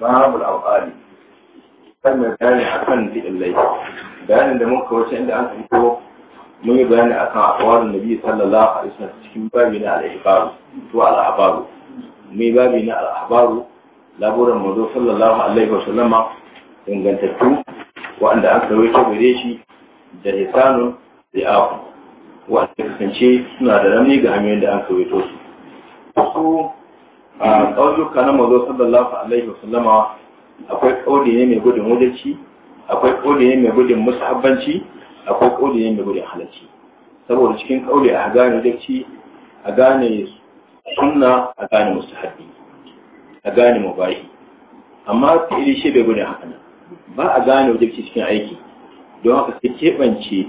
babul al'ali sannan bayani a kan fi'illai bayanin da muka wuce inda an fito mun yi bayani a kan akwarin biyu sallallahu alaihi wasallam cikin babi na al'ibaru to al'abaru mai babi na al'abaru laburan mazo sallallahu alaihi wasallama ingantattu wa'anda an kawai ta gare shi da hisanun da aku wa'anda kasance suna da rami ga hanyoyin da an kawai to su a ƙauyuka na mazo sallallahu alaihi wasallama akwai ƙauli ne mai gudun wajenci akwai ƙauli ne mai gudun musahabbanci akwai ƙauli ne mai gudun halarci saboda cikin ƙauli a gane wajenci a gane sunna a gane musahabbi a gane mubahi amma iri shi bai gudun haka ba a gane wajenci cikin aiki don haka sai keɓance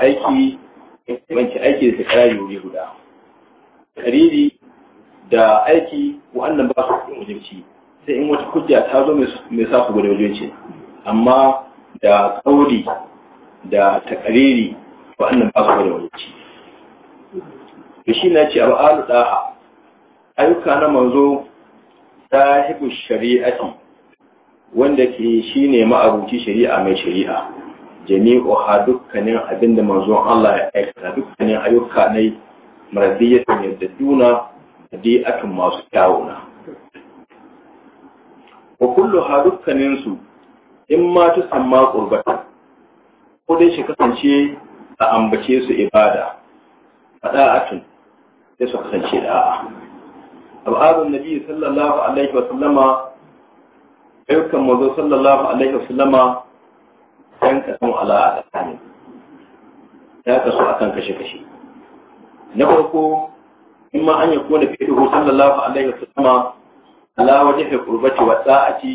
aiki keɓance aiki da ta ƙarari wuri guda ƙariri da aiki wa'annan ba su cikin wajenci sai in wata kujya ta zo mai sa su gwada wajenci amma da tsauri da takariri wa'annan ba su gwada wajenci da shi na ce a ba'alu daha ayyuka na manzo sahibu shari'ati wanda ke shi ne ma'abuci shari'a mai shari'a jami'u ha dukkanin abin da manzon Allah ya aikata dukkanin ayyuka ne marabiyyar da juna di'atun masu kyawuna wa kullu ha dukkaninsu in ma ta samma qurbatan ko dai shi kasance a ambace su ibada a fada'atun sai su kasance da'a abadun nabi sallallahu alaihi wa sallama ayyukan mazo sallallahu alaihi wa sallama yan kasan ala a tsakanin ya kasu akan kashe-kashe na farko In imma an yakuna fi'luhu sallallahu alaihi wasallam ala wajhi qurbati wa sa'ati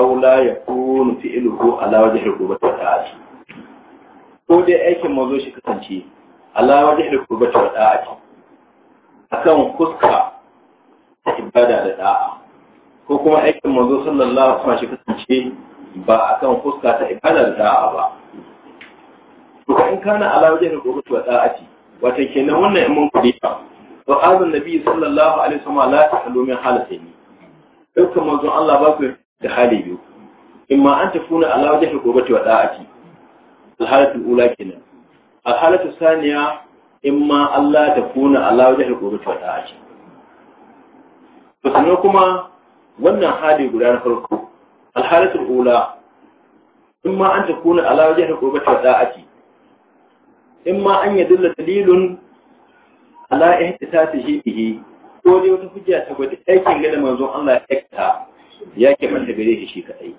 aw la yakunu fi'luhu ala wajhi qurbati wa sa'ati ko dai aikin ma zo shi kasance ala wajhi qurbati wa sa'ati akan kuska ta ibada da da'a ko kuma aikin ma mazo sallallahu alaihi wasallam shi kasance ba akan fuska ta ibada da da'a ba to in kana ala wajhi qurbati wa sa'ati wata kenan wannan in mun kuɗi ta, to azan nabi sallallahu alaihi wasallam la halu min halatayn dukkan manzon Allah ba ku da hali biyu imma an tafuna ala wajhi gobati wa da'ati halatu ula kenan halatu saniya imma Allah tafuna ala wajhi gobati wa da'ati to sanan kuma wannan hali guda na farko halatu ula imma an tafuna ala wajhi gobati wa da'ati in ma an yadulla dalilun ala ihtisasi shi ko dai wata hujja ta gwada aikin gada da manzon Allah ya aikata ya ke manta gare shi shi kadai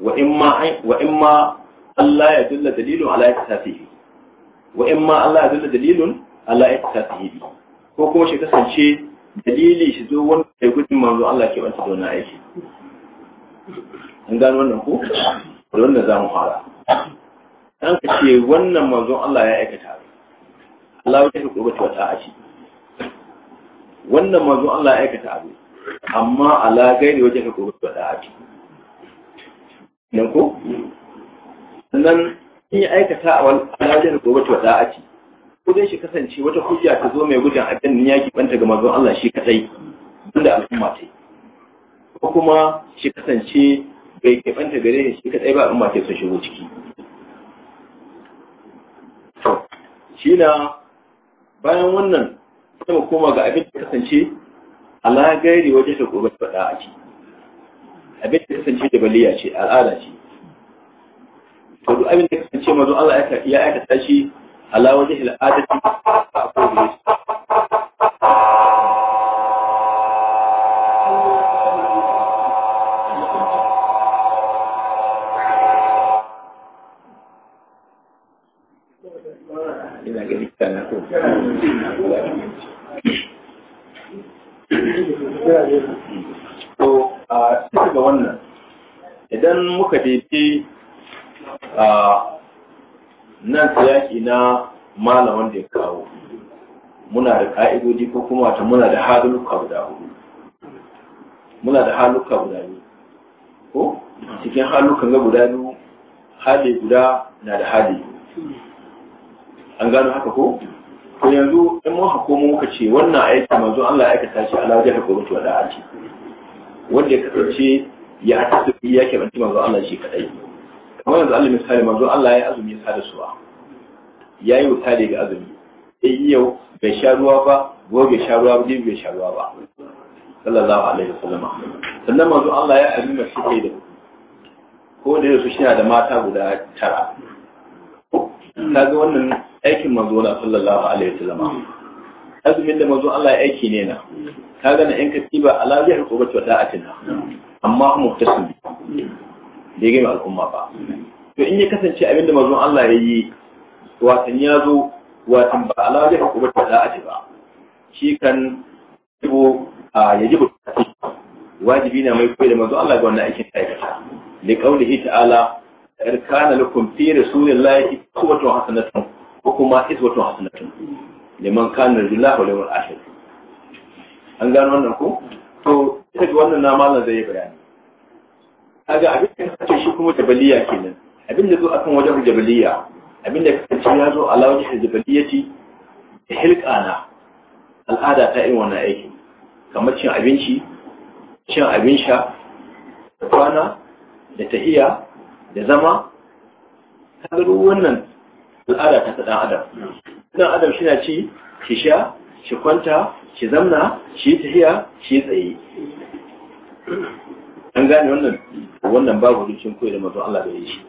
wa in ma wa in ma Allah ya dalla dalilun ala ihtisasihi wa in ma Allah ya dalla dalilun ala ihtisasihi ko kuma shi kasance dalili shi zo wanda ya gudun manzo Allah ke manta da aiki an gano wannan ku da wannan zamu fara dan ka ce wannan manzon Allah ya aikata Allah ya kuma ta wata a ci wannan manzon Allah ya aikata abu amma ala gairi wajen ka kuma ta wata a ci nan ko sannan in ya aikata a ala wajen ka ta wata a ci ko dai shi kasance wata hujja ta zo mai gudan abin ya banta ga manzon Allah shi kadai da al'umma ta ko kuma shi kasance bai kibanta gare shi kadai ba al'umma ta sun shigo ciki kila bayan wannan sai mu koma ga abin da kasance ala gairi waje da gobe faɗa a ci abin da kasance da baliya ce al'ada ce to duk abin da kasance mazo Allah ya aikata shi ala wajen al'ada ce ko ne to a cikin ga wannan idan muka daidai a nan tsayaki na malaman da ya kawo muna da ƙa'idodi ko kuma ta muna da haluka guda hudu muna da haluka guda biyu ko cikin halukan ga guda biyu hali guda na da hali an gano haka ko to yanzu in muka komo muka ce wannan aiki manzo Allah ya aikata shi ala wajha qurbatu da aji wanda ya kasance ya tafi ya ke banci manzo Allah shi kadai kamar yanzu Allah misali manzo Allah ya azumi ya sada suwa yayi misali ga azumi sai yau bai sha ruwa ba gobe bai sha ruwa ba bai sha ruwa ba sallallahu alaihi wasallam sannan manzo Allah ya azumi shi kai da ko da yau shi da mata guda tara kaga wannan aikin manzo na sallallahu alaihi wasallam azumin da manzo Allah ya aiki ne na kaga na yan katiba ala zai ko bata da atina amma mu tasim da yake al'umma ba to in ya kasance abin da manzo Allah ya yi watan ya zo watan ba ala zai ko bata da ati ba shi kan yibo a yajibu wajibi na mai koyi da manzo Allah ga wannan aikin aikata li qawlihi ta'ala kana lakum fi rasulillahi uswatun hasanatun ko kuma iswatun hasanatun liman kana lillahi a yawmil akhir an gano wannan ko to ita ga wannan na malam zai yi bayani kaga abin da kace shi kuma jabaliya kenan abin da zo akan wajen jabaliya abin da kace ya zo ala Jabaliya ce, da hilqana al'ada ta irin wannan aiki kamar cin abinci cin abin sha da kwana da tahiya da zama ta wannan al'ada ta ta adam dan adam shi na ci shi sha shi kwanta shi zamna shi tafiya shi tsaye an gane wannan wannan babu rikin koyi da mazo Allah da ya shi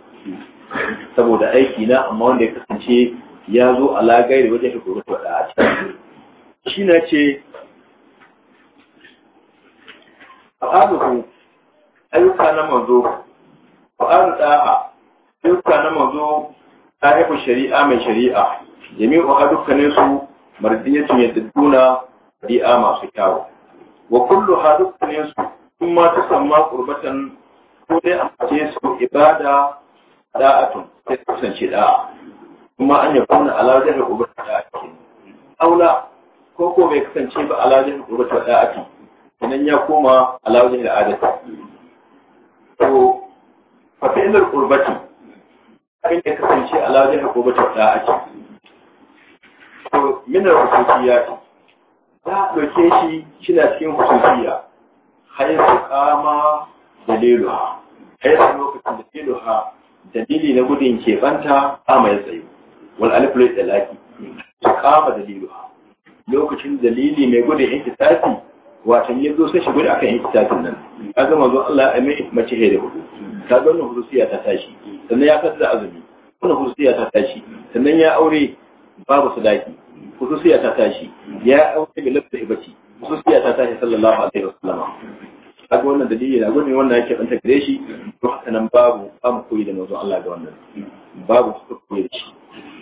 saboda aiki na amma wanda ya kasance ya zo a da wajen shi koro da a can shi na ce fa'aduhu ayyuka na mazo fa'adu da'a ayyuka na mazo sahibu shari'a mai shari'a jami'u wa dukkanin su mardiyatun yadduna bi'a masu kyawu wa kullu ha dukkanin su in ma ta samma qurbatan ko dai a ce su ibada da'atun sai ta kasance da'a kuma an yakuna ala wajhi qurbatan da'atin aula ko ko bai kasance ba ala wajhi qurbatan da'atin idan ya koma ala da al'adati to fa fi'lul qurbati abin da kasance a lajin da gobe ta da ake to min hususiya ce za a ɗauke shi shina cikin hususiya hayar su kama da leluha hayar su lokacin da ha dalili na gudun keɓanta a mai tsayo wal alifulai da laki su kama da ha. lokacin dalili mai gudun intisafi watan ya zo sai shi gudu akan intisafin nan zama zo Allah ya mai mace da hudu ka ga wannan hususiya ta tashi sannan ya da azumi wannan hususiya ta tashi sannan ya aure babu sadaki hususiya ta tashi ya aure da lafta ibaci hususiya ta tashi sallallahu alaihi wasallam a ga wannan dalili na gudun wannan yake ɗan gare shi to haka nan babu ba mu koyi da manzon Allah ga wannan babu su koyi da shi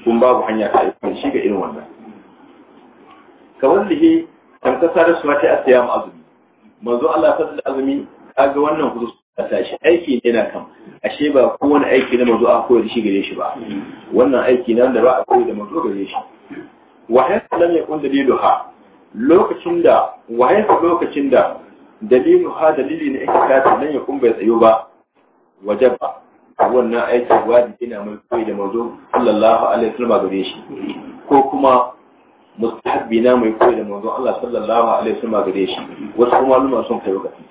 kun babu hanya ta aiki shi ga irin wannan Ka kamar da ke tamkasa da suwa ta asiya mu azumi manzo Allah ta da azumi ga wannan husus a tashi aiki yana kan ashe ba wani aiki na mazo a koyar shi gare shi ba wannan aiki na da ba a koyar da mazo gare shi wahayin lam yakun ha lokacin da wahayin lokacin da ha dalili ka ta lam yakun bai tsayo ba wajaba wannan aiki wajibi na mai koyi da mazo sallallahu alaihi wasallam gare shi ko kuma mustahabbi na mai koyi da mazo Allah sallallahu alaihi wasallam gare shi wasu kuma maluma sun kai wakati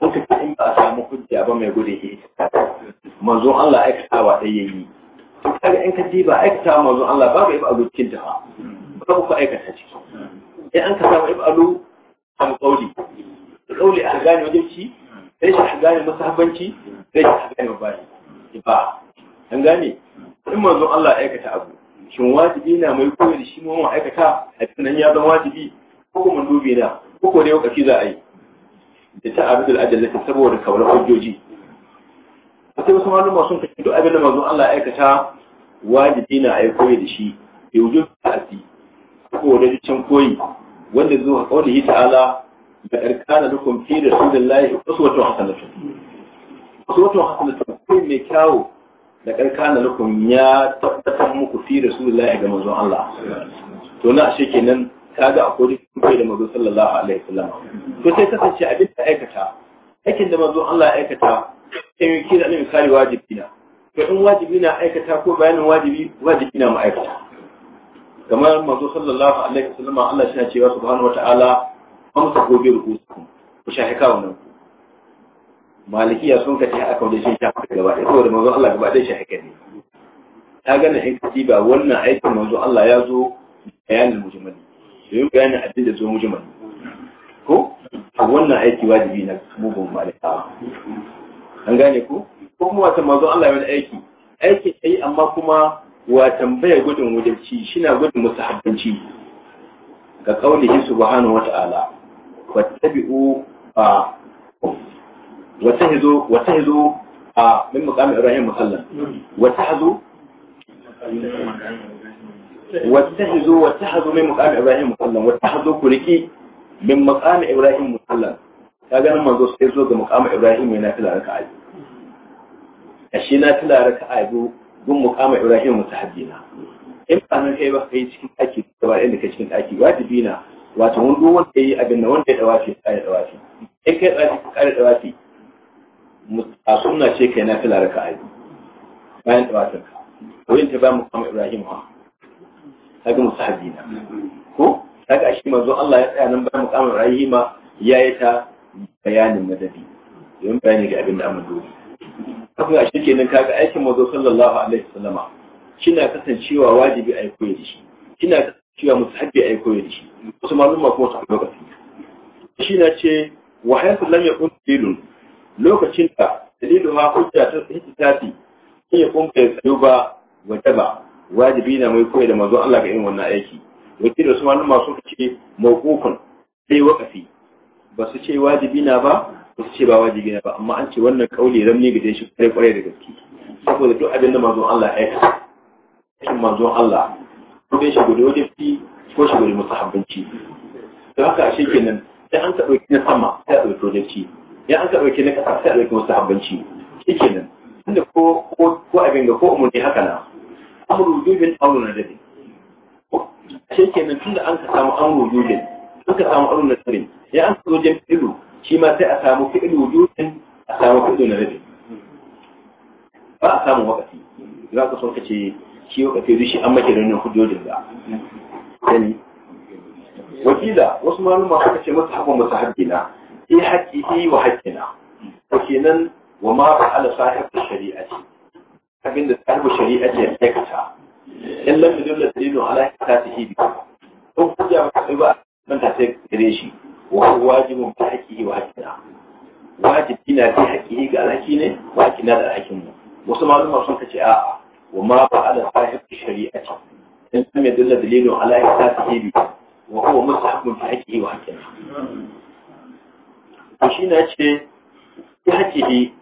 wata in ba a samu hujja ba mai gudun ita manzon Allah tawa ta yi kaga in ka diba aikatawa manzon Allah ba ba alu cikin Ba ba ku aikata ciki in an ka samu ibu alu samu kauli kauli a gane wajibci sai shi gane masahabanci sai shi gane mabari ba an gane in manzon Allah aikata abu shin wajibi na mai koyar shi ma aikata a tunan ya zama wajibi ko kuma dubi na ko ko dai wakaci za a yi da ta abidul ajallata saboda kaunar hujjoji sai wasu malama sun kace duk abin da manzon Allah ya aikata wajibi na yi koyi da shi bi wujub ta'ati saboda dukkan koyi wanda zuwa kaulihi ta'ala da arkana lakum fi rasulillahi uswatun hasanatun uswatun hasanatun koyi mai kyawu da karkana lakum ya tabbatar muku fi layi ga manzon Allah to na shi kenan kaga akwai kai da mazo sallallahu alaihi wasallam to sai kasance abin da aikata aikin da mazo Allah ya aikata sai mu kira ne kare wajibi na to in wajibi na aikata ko bayanin wajibi wajibi na ma'aikata kamar mazo sallallahu alaihi wasallam Allah shi ya cewa subhanahu wataala amsa ko bi rukusukum ku shahi kawunan ku malikiya sun kace aka wanda shi shafi gaba ɗaya saboda mazo Allah gaba ɗaya shahi kai ta gane in kaci ba wannan aikin mazo Allah ya zo bayanin mujmali yi bayanin addini da zo mujmal ko a wannan aiki wajibi na mugun malikawa an gane ko ko kuma wata mazo Allah ya wani aiki aiki sai amma kuma wa tambaya gudun shi na gudun musahabbanci ga kaulihi subhanahu wata'ala wattabi'u a wata hizo wata hizo a min muqami ibrahim musallan wata hazo واتخذوا واتخذوا من مقام إبراهيم مصلى واتخذوا كريكي من مقام إبراهيم مصلى kaga nan manzo sai zo ga muqam Ibrahim yana tila raka'a ashe na tila raka'a biyu gun muqam Ibrahim mutahabbi na in ba nan kai ba kai cikin daki ba inda kai cikin daki wajibi na wato wanda wanda yi abin nan wanda ya dawace ya dawace in kai tsaki ka kare dawace a sunna ce kai na tila raka'a biyu bayan dawacin ka ko yin ta ba muqam Ibrahim ha kaga musahabi na ko kaga ashe manzo Allah ya tsaya nan bayan mukamin rahima yayi ta bayanin madadi yayin bayani ga abin da amma dole kuma ashe kenan kaga aikin manzo sallallahu alaihi wasallama kina kasancewa wajibi a koyi da shi kina kasancewa musahabi a koyi da shi wasu malumma kuma su lokaci shi na ce wa hayatu lam yakun dalilun lokacin da dalilu ma hujja ta tafi ya kun bai tsayo ba ba. wajibi na mai koyi da manzo Allah ga irin wannan aiki Wace da su malama sun ce mawqufun sai waqafi ba su ce wajibi na ba ba su ce ba wajibi na ba amma an ce wannan kauli ramni ga shi kare kware da gaske saboda duk abin da manzo Allah ya yi cikin manzo Allah ko dai shi gudu wajibi ko shi gudu musahabbanci To haka shi kenan sai an ka dauki na sama sai a dauki wajibi ya an ka dauki na kasa sai a dauki musahabbanci shi kenan tunda ko ko abin ga ko umurni haka na amru wujubin amru nadabin shi kenan tun da an ka samu amru wujubin an ka samu amru nadabin ya an zo jin fi'lu shi ma sai a samu fi'lu wujubin a samu fi'lu nadabin ba a samu wakati za ka son ka ce shi wakati shi an maki da wannan hujjojin da sani wakila wasu maluma suka ce masa haɓa masa haƙƙina fi yi wa haƙƙina to kenan wa ma fa'ala sahibu shari'ati abin da tsarin shari'a ke aikata in lam yudilla dalilun ala hikatihi bi ko hujja ba ba man ta sai gare shi wa huwa wajibun bi haqqihi wa haqqina wajibi na bi haqqihi ga alhaki ne wa haqqina da alhakin mu wasu malama sun kace a'a wa ma fa'ala sahib shari'ati in lam yudilla dalilun ala hikatihi bi wa huwa mustahqun bi haqqihi wa haqqina to shi ne ce bi haqqihi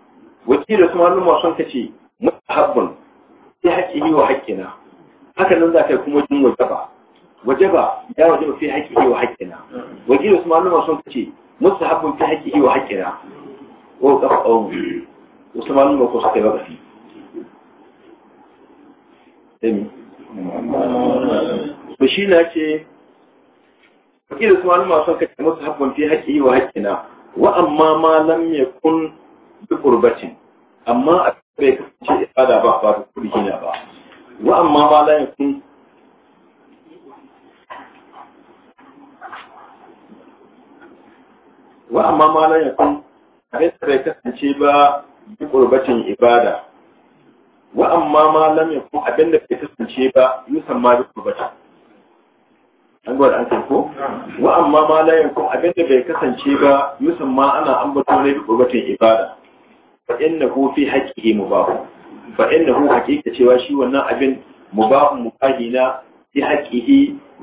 wakilin su malama sun kace mustahabbun fi haqqihi wa haqqina haka nan za ka yi kuma jin wajaba wajaba ya wajaba fi haqqihi wa haqqina wajen Usman ma sun ce mustahabbun fi haqqihi wa haqqina wa qafawu Usman ma ko sai ba fi dami ba shi na ce wakil Usman ma sun ce mustahabbun fi haqqihi wa haqqina wa amma ma lam yakun bi qurbatin amma bai kasance ibada ba ba da kudi hina ba wa amma ma la yakun wa amma ma la yakun abin da bai kasance ba bi qurbacin ibada wa amma ma lam yakun abin da bai kasance ba yusan ma bi qurbacin an gwada an san ko wa amma ma la yakun abin da bai kasance ba yusan ma ana ambato ne bi qurbatin ibada fa innahu fi haqqihi mubah fa innahu haqiqa cewa shi wannan abin mu mubah mubahi na fi haqqihi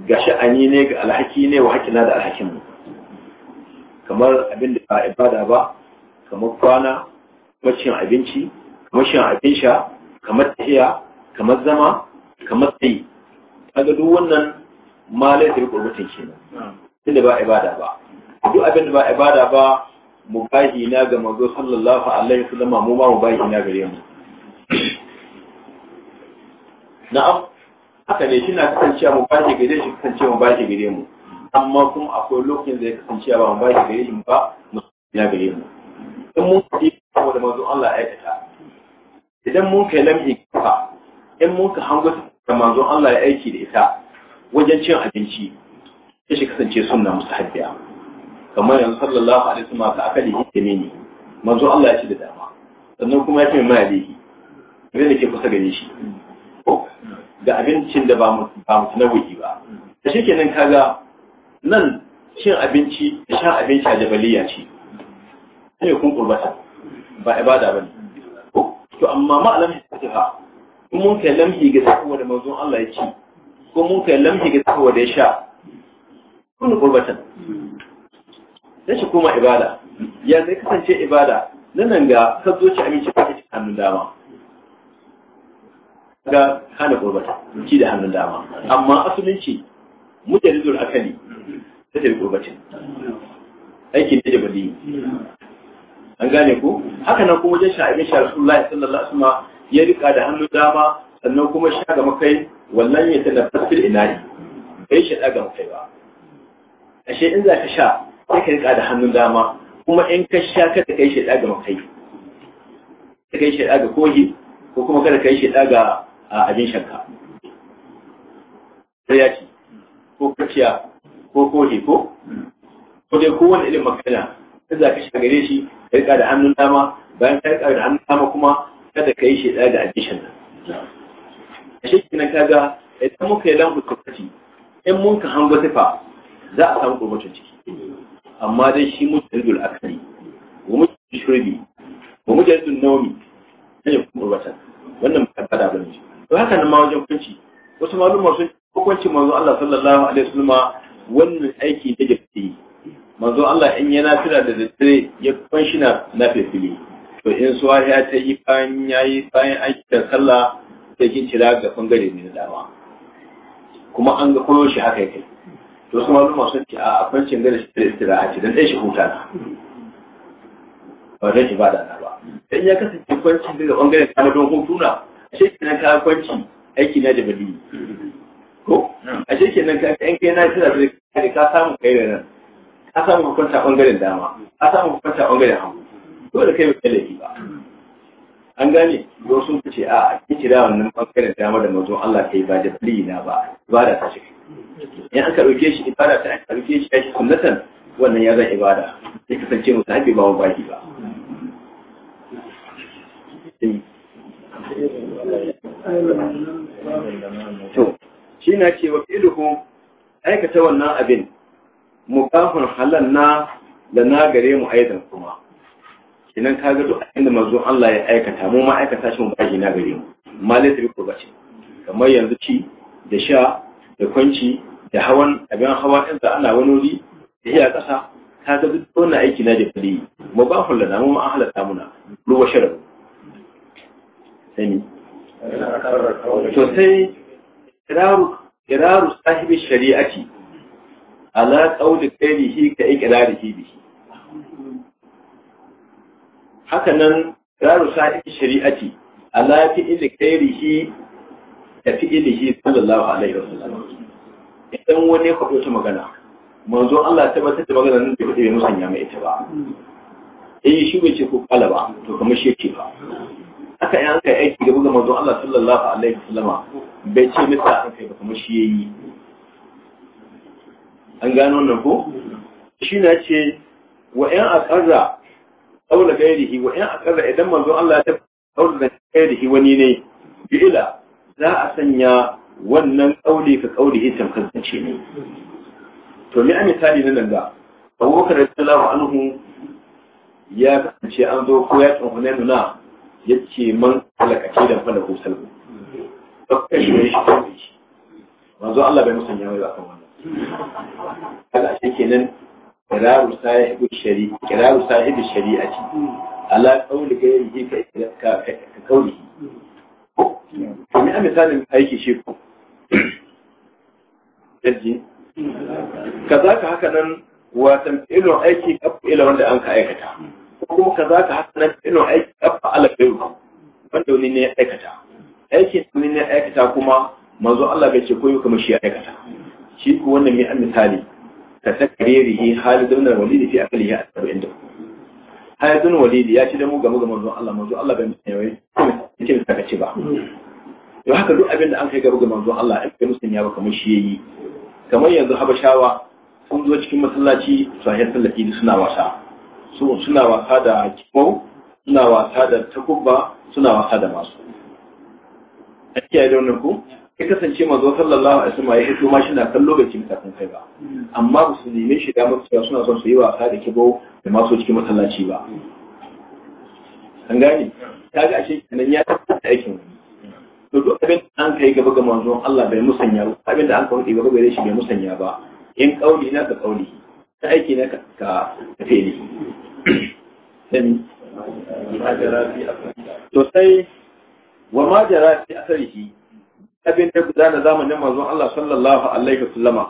ga sha'ani ne ga alhaki ne wa haƙina da alhakin mu kamar abin da ba ibada ba kamar kwana kamar cin abinci kamar shan abin sha kamar tahiya kamar zama kamar tsayi kaga duk wannan ma laifin gurbatin kenan tunda ba ibada ba duk abin da ba ibada ba mubahi na ga mazo sallallahu alaihi wasallam mu ma mubahi na gare mu Na haka ne shina kasancewa mu mubahi gare shi kasancewa bashi gare mu amma kuma akwai lokacin da ya kasancewa ba bashi gare shi ba na gare mu in mun yi abu da mazo Allah ya aikata idan mun kai lam'i kafa in mun ka hango da manzo Allah ya aiki da ita wajen cin abinci sai shi kasance sunna mustahabbiya kamar yanzu sallallahu alaihi wasallam ka akali yake ne manzo Allah ya ci da dama sannan kuma ya ce mai alihi ne da ke kusa gare shi ga abincin da ba mu na wuji ba da shi kenan kaga nan cin abinci da sha abinci a jabaliya ce sai kun kurbata ba ibada bane to amma ma'alam fatiha in mun kai lamhi ga da manzon Allah ya ci ko mun kai lamhi ga da ya sha kun kurbata sai shi koma ibada ya zai kasance ibada nan nan ga ka zo ci aminci ka ci hannun dama ga hana gurbata ci da hannun dama amma asulinci mujaridul akali ta tafi gurbatin aikin da jabali an gane ku haka nan kuma wajen sha'ibin sha rasulullahi sallallahu alaihi wasallam ya rika da hannun dama sannan kuma sha ga makai wallan ya tana fasil inari bai shi ga makai ba ashe in za ka sha sai ka rika da hannun dama kuma in ka sha kada kai shi ga makai kada kai shi ga kohi ko kuma kada kai shi ga abin shakka sai ya ci ko kaciya ko kohi ko ko dai kowane irin makana sai za ka sha gare shi ka rika da hannun dama bayan ka rika da hannun dama kuma kada ka yi shi ga abin shakka. a shi kenan kaga idan muka yi lambu tsokaci in mun ka hango sifa za a samu gurbacin ciki amma dai shi mujaridul akali wa mujaridul shurbi wa mujaridul nawmi ne kuma urbata wannan ba kada bane to haka nan ma wajen hukunci wasu maluma sun hukunci manzo Allah sallallahu alaihi wasallam wannan aiki da jabti manzo Allah in yana tira da dare, ya kunshi na na fili to in suwa ya ta yi bayan yayi bayan aikin sallah sai kin cira ga bangare ne da dama kuma an ga koyo shi haka yake wasu maluma sun ce a kwancin gare shi da istira a cikin ɗan shi huta na ba zai ibada na ba dan ya kasance kwancin gare bangaren kama don hutu na a shekin ka kwanci aiki na da bali ko a shekin kenan ka yan kai na tira da kai ka samu kai da nan ka samu kwanta bangaren dama ka samu kwanta bangaren hagu dole kai bai laifi ba an gane yau sun ce a kira wannan bangaren dama da mazon Allah kai ba da fili na ba ibada ta shi in aka ɗauke shi ibada ta aka ɗauke shi kai sunnatan wannan ya zan ibada sai kasance mu sahibi ba wani baki ba to shi na ce wa fi'luhu aikata wannan abin mukafin halan na da na gare mu aidan kuma idan ka ga duk inda manzon Allah ya aikata mu ma aikata shi mu ba na gare mu ma laysa bi bace kamar yanzu ci da sha da kwanci da hawan abin hawa in da Allah wani wuri da iya kasa ka ga duk wannan aiki na da fadi mu ba hulana mu ma halatta muna ruwa sharar sani to sai iraru sahibi shari'ati ala qawli qawlihi ka iqrarihi bihi haka nan garu sa'i shari'ati ala fi'ili khairihi da fi'ilihi sallallahu alaihi wasallam idan wani ya kwafi wata magana manzo Allah tabbatar da magana nan da bai musanya mai ita ba eh shi bai ce ko kala ba to kamar shi yake ba haka in aka yi aiki da buga manzo Allah sallallahu alaihi wasallama bai ce misa an kai ba kamar shi ya yi. an gano nan ko shi na ce wa in aqarra aula gairihi wa in aqarra idan manzon Allah ya aula gairihi wani ne bi ila za a sanya wannan kauli ka kauli tamkantacce ne to ni an misali na nan da Abubakar radiyallahu anhu ya kasance an zo ko ya tsohon nuna ya ce man alakace da fada ko salmu ɗaukar shi ne shi kawai manzo Allah bai musanya mai ba kan wannan kaga ashe kenan kiraru sahibu shari'a kiraru sahibu shari'ati ala qawli ga ka ka ka qawli to me misalin aiki shi ko za kazaka haka nan wa tamilun aiki kafa ila wanda an ka aikata ko kazaka haka nan tamilun aiki kafa ala gairu wanda wani ne ya aikata aikin wani ne ya aikata kuma manzo Allah bai ce koyo kamar shi ya aikata shi ko wannan me misali كتكريره خالد بن الوليد في أقله السبعين خالد بن الوليد يا شيخ مو غمو غمو الله منزو الله بين سنوي yake da takaci ba to haka duk abin da an kai garu ga manzo Allah in kai ya ba kamar shi yayi kamar yanzu habashawa sun zo cikin masallaci su ayi sallaci suna wasa da kimo suna wasa da takubba suna wasa da masu kiyaye da ku ya kasance manzo sallallahu alaihi wasallam ya fito ma shi na kan lokaci kafin kai ba amma ba su da shi damar suna son su yi wasa da kibo da masu cikin masallaci ba an gani ta ga ashe kenan ya tabbata aikin to duk abin da an kai gaba ga manzon Allah bai musanya ba abin da an kawo gaba gare shi bai musanya ba in kauli na ka kauli ta aiki na ka ka ne sai to sai wa ma jara fi asarihi abin da na zamanin manzon Allah sallallahu alaihi wa sallama,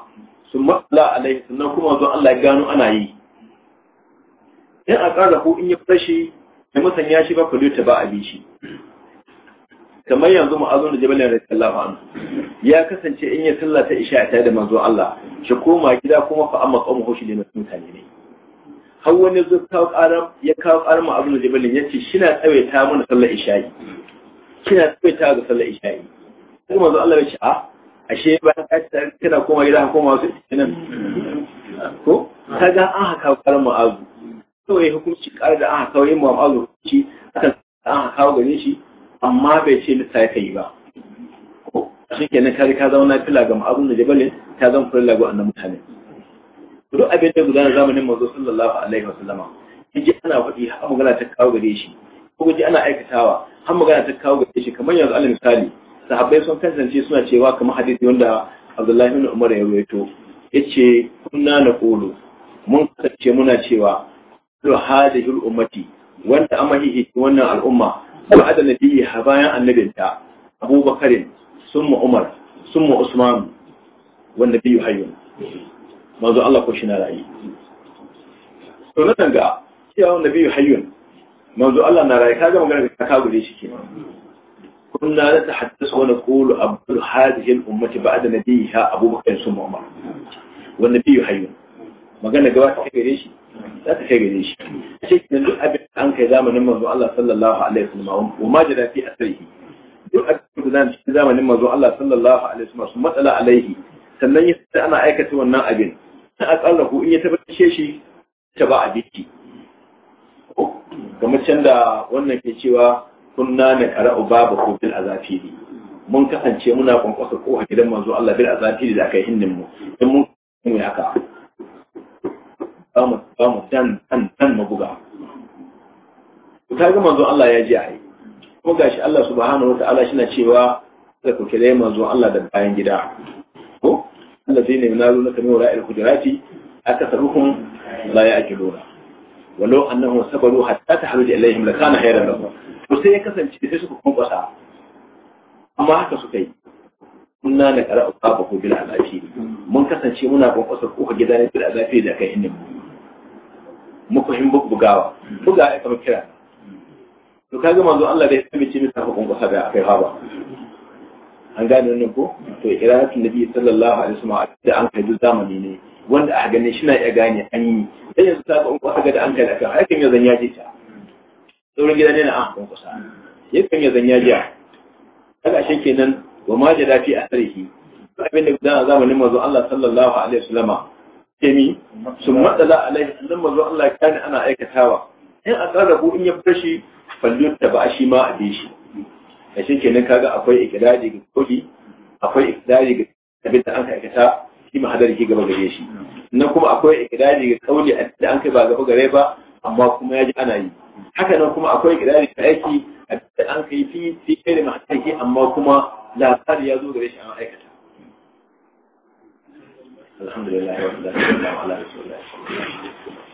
sun matsala alaihi sannan kuma manzon Allah ya gano ana yi in a ƙara ko in ya fashi da musanya shi ba kullu ta ba abin shi kamar yanzu ma'azun da jabalin sallallahu anhu ya kasance in ya ta isha ta da manzon Allah shi koma gida kuma fa amma qawmu hoshi da mutane ne har wani zo kawo karam ya kawo karam abin da ce yace na tsawaita mana sallar isha'i kina tsawaita ga sallar isha'i sai manzo Allah ya ce a ah, ashe bayan ka ci kana koma gida ka koma wasu nan ko kaga an haka kar mu'azu to yayi eh, hukunci kar da an haka yayi mu'azu hukunci aka an haka gare shi amma bai ce lissa ya yi ba ko shi kenan kare ka zama na fila ga mu'azu da jabalin ta zama fila ga annabi mutane duk abin da gudanar zamanin manzo sallallahu alaihi wasallama in ji ana faɗi har magana ta kawo gare shi ko ji ana aikatawa har magana ta kawo gare shi kamar yanzu alal misali sahabbai sun kasance suna cewa kamar hadisi wanda Abdullahi ibn Umar ya rawaito yace kunna na kulu. mun kasance muna cewa kullu hadhihi ummati wanda amahi wannan al'umma ba'da nabiyyi bayan annabinta Abubakar sun summa Umar sun summa Usman wan nabiyyu hayyun manzo Allah ko shi na rayi to na ga cewa nabiyyu hayyun manzo Allah na rayi kaga magana ta ka gure shi kenan كنا نتحدث ونقول أبو هذه الأمة بعد نبيها أبو بكر ثم عمر والنبي حي magana gaba ta kai gare shi za ta kai gare shi shi ne duk abin da an kai zamanin manzo Allah sallallahu wa ma jada fi asrihi duk abin zan cikin zamanin manzo Allah sallallahu alaihi wasallam sun matsala alaihi sannan ya sai ana aikata wannan abin sai akallahu in ya tabbace shi ta ba a biki wannan ke cewa kunna na uba ba ko bil azafiri mun kasance muna kwankwasa ko gidan manzo Allah bil azafiri da kai hinnin mu in mun mu haka ba mu ba mu dan dan dan mabuga ta ga manzo Allah ya ji ai ko gashi Allah subhanahu wataala shi na cewa da ku kire manzo Allah da bayan gida ko Allah zai allazina yunaluna min wara'il hujurati akasaruhum la ya'qiluna walau annahu sabaru hatta taharuja ilaihim lakana khairan lahum to sai ya kasance sai suka kunkwasa amma haka suka yi kunna na qara ba ko bil alafi mun kasance muna kunkwasa ko gida ne bil alafi da kai inda mu muku hin bugawa buga ai kamar kira to kaga manzo Allah da ya sami ce misa kunkwasa da akai fa ba an gane wannan ko to iratun nabi sallallahu alaihi wasallam da an kai zamani ne wanda a gane shi na iya gane an yi sai yanzu ta ban kwasa ga da an kai lafiya A yakan yi ya je ta saurin gida ne na an ban kusa. ya kan yanzu ya je kaga shi kenan wa ma jada fi asarihi abin da guda zamanin manzo Allah sallallahu alaihi wasallama ke ni sun matsala alaihi sannan manzo Allah kani ana aikatawa in a ko in ya fita shi fallon ta ba shi ma a bi shi A shi kenan kaga akwai ikirari ga kodi akwai ikirari ga abin da an aikata shi ma hadari gaba gare shi na kuma akwai ikirari ga kauli da an kai ba gaba gare ba amma kuma ya ji ana yi haka nan kuma akwai ikirari ga aiki da an kai fi fi kai da aiki amma kuma labari ya zo gare shi an aikata alhamdulillah wa sallallahu alaihi wa sallam